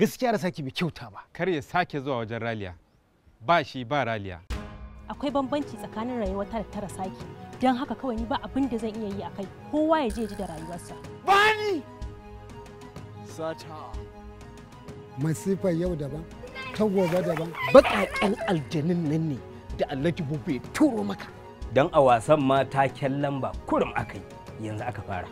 gaskiya da saki bai kyauta ba kar ya sake zuwa wajen raliya ba shi ba raliya akwai bambanci tsakanin rayuwar ta da tara saki don haka kawai ni ba abin da zan iya yi akai kowa ya je ji da rayuwarsa bani sata masifar yau daban ta gobe daban baƙaƙen aljanin nan ne da alhaji bube turo maka don a wasan ma taken lamba kurum akai yanzu aka fara